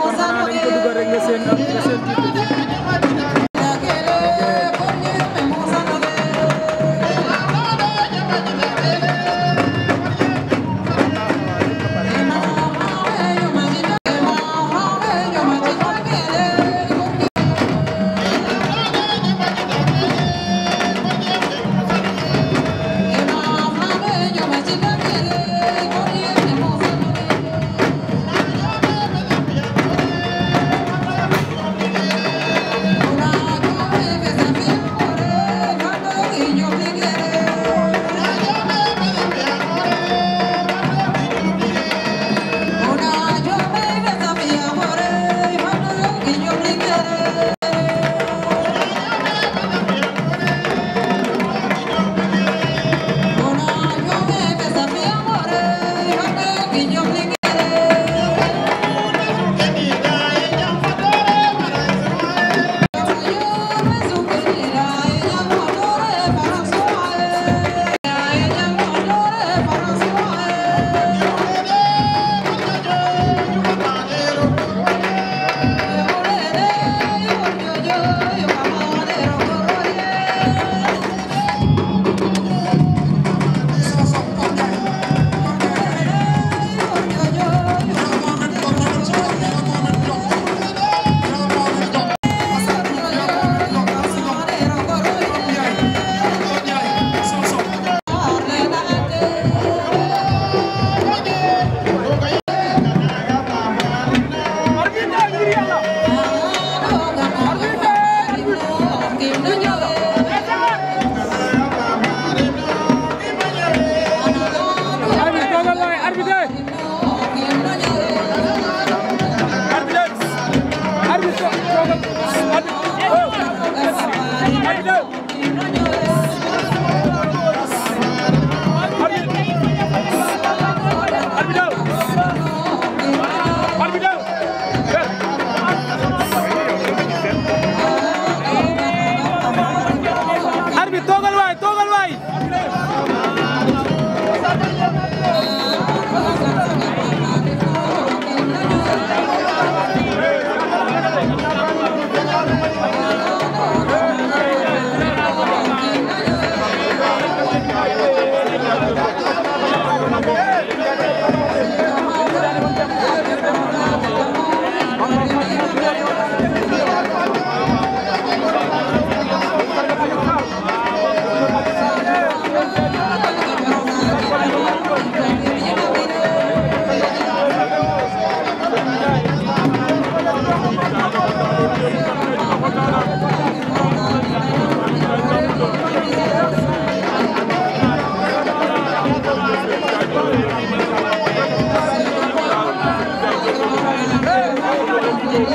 kon xanaa dañ ko dugal rek nga seen nga seen titre